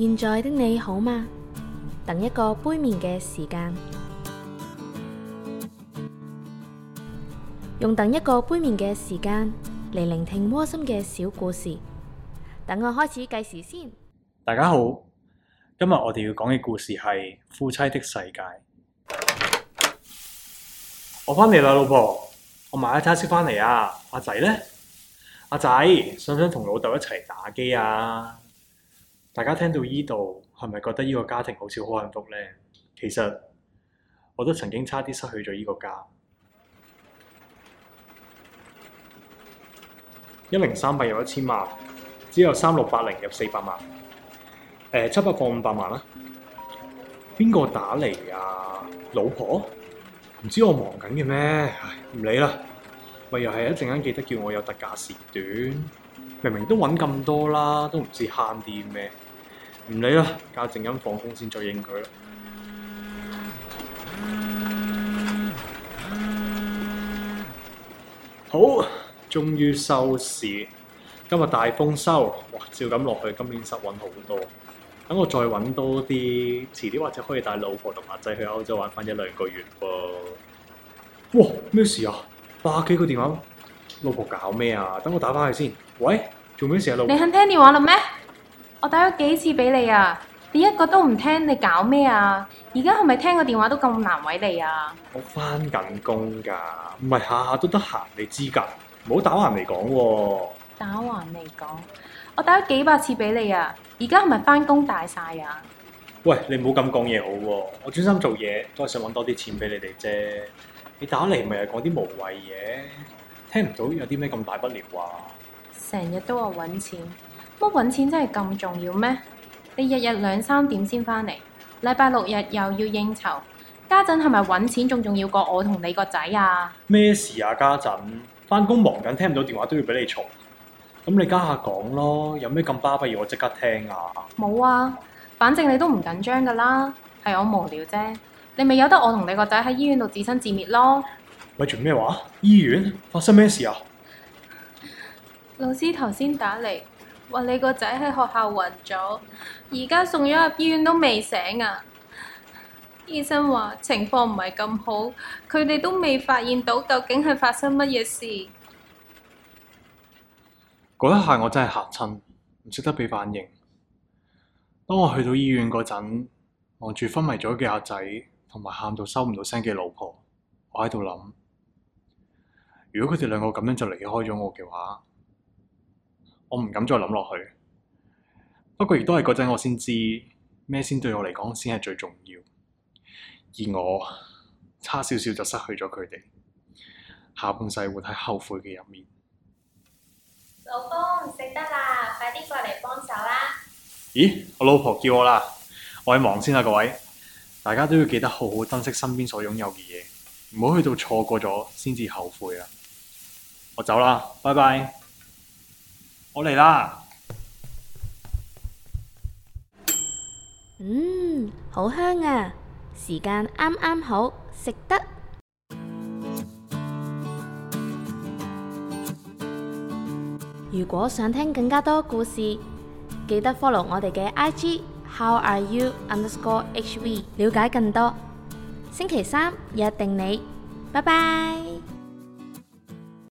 現在的你好嗎？等一個杯麵嘅時間，用等一個杯麵嘅時間嚟聆聽窩心嘅小故事。等我開始計時先。大家好，今日我哋要講嘅故事係夫妻的世界。我翻嚟啦，老婆，我買咗餐食翻嚟啊。阿仔呢？阿仔想唔想同老豆一齊打機啊？大家聽到依度，係咪覺得呢個家庭好似好幸福咧？其實我都曾經差啲失去咗依個家。一零三八有一千萬，只有三六八零有四百萬。誒、呃，七百放五百萬啦。邊個打嚟啊？老婆？唔知我忙緊嘅咩？唉，唔理啦。咪又係一陣間記得叫我有特價時段。明明都揾咁多啦，都唔知慳啲咩。唔理啦，加靜音放空先，再應佢啦。好，終於收市，今日大豐收，哇！照咁落去，今年實揾好多。等我再揾多啲，遲啲或者可以帶老婆同阿仔去歐洲玩翻一兩個月噃、哦。哇！咩事啊？百幾個電話，老婆搞咩啊？等我打返去先。喂，做咩事啊？老婆，你肯聽電話嘞咩？我打咗幾次俾你啊？你一個都唔聽，你搞咩啊？而家係咪聽個電話都咁難為你啊？我翻緊工噶，唔係下下都得閒，你知噶？唔好打橫嚟講喎。打橫嚟講，我打咗幾百次俾你啊！而家係咪翻工大晒啊？喂，你唔好咁講嘢好？我專心做嘢，都係想搵多啲錢俾你哋啫。你打嚟咪係講啲無謂嘢，聽唔到有啲咩咁大不了啊？成日都話搵錢。乜揾錢真係咁重要咩？你日日兩三點先返嚟，禮拜六日又要應酬，家陣係咪揾錢仲重要過我同你個仔啊？咩事啊家陣？返工忙緊，聽唔到電話都要俾你嘈。咁你家下講咯，有咩咁巴閉？我即刻聽啊！冇啊，反正你都唔緊張噶啦，係我無聊啫。你咪由得我同你個仔喺醫院度自生自滅咯。喂，做咩話？醫院發生咩事啊？老師頭先打嚟。話你個仔喺學校暈咗，而家送咗入醫院都未醒啊！醫生話情況唔係咁好，佢哋都未發現到究竟係發生乜嘢事。嗰一下我真係嚇親，唔識得畀反應。當我去到醫院嗰陣，望住昏迷咗嘅阿仔同埋喊到收唔到聲嘅老婆，我喺度諗：如果佢哋兩個咁樣就離開咗我嘅話，我唔敢再諗落去，不過亦都係嗰陣我先知咩先對我嚟講先係最重要，而我差少少就失去咗佢哋，下半世活喺後悔嘅入面。老公，唔食得啦，快啲過嚟幫手啦！咦，我老婆叫我啦，我去忙先啦，啊。各位，大家都要記得好好珍惜身邊所擁有嘅嘢，唔好去到錯過咗先至後悔啊！我走啦，拜拜。我嚟啦，嗯，好香啊，時間啱啱好，食得。如果想聽更加多故事，記得 follow 我哋嘅 IG How Are You Underscore HV 了解更多。星期三約定你，拜拜。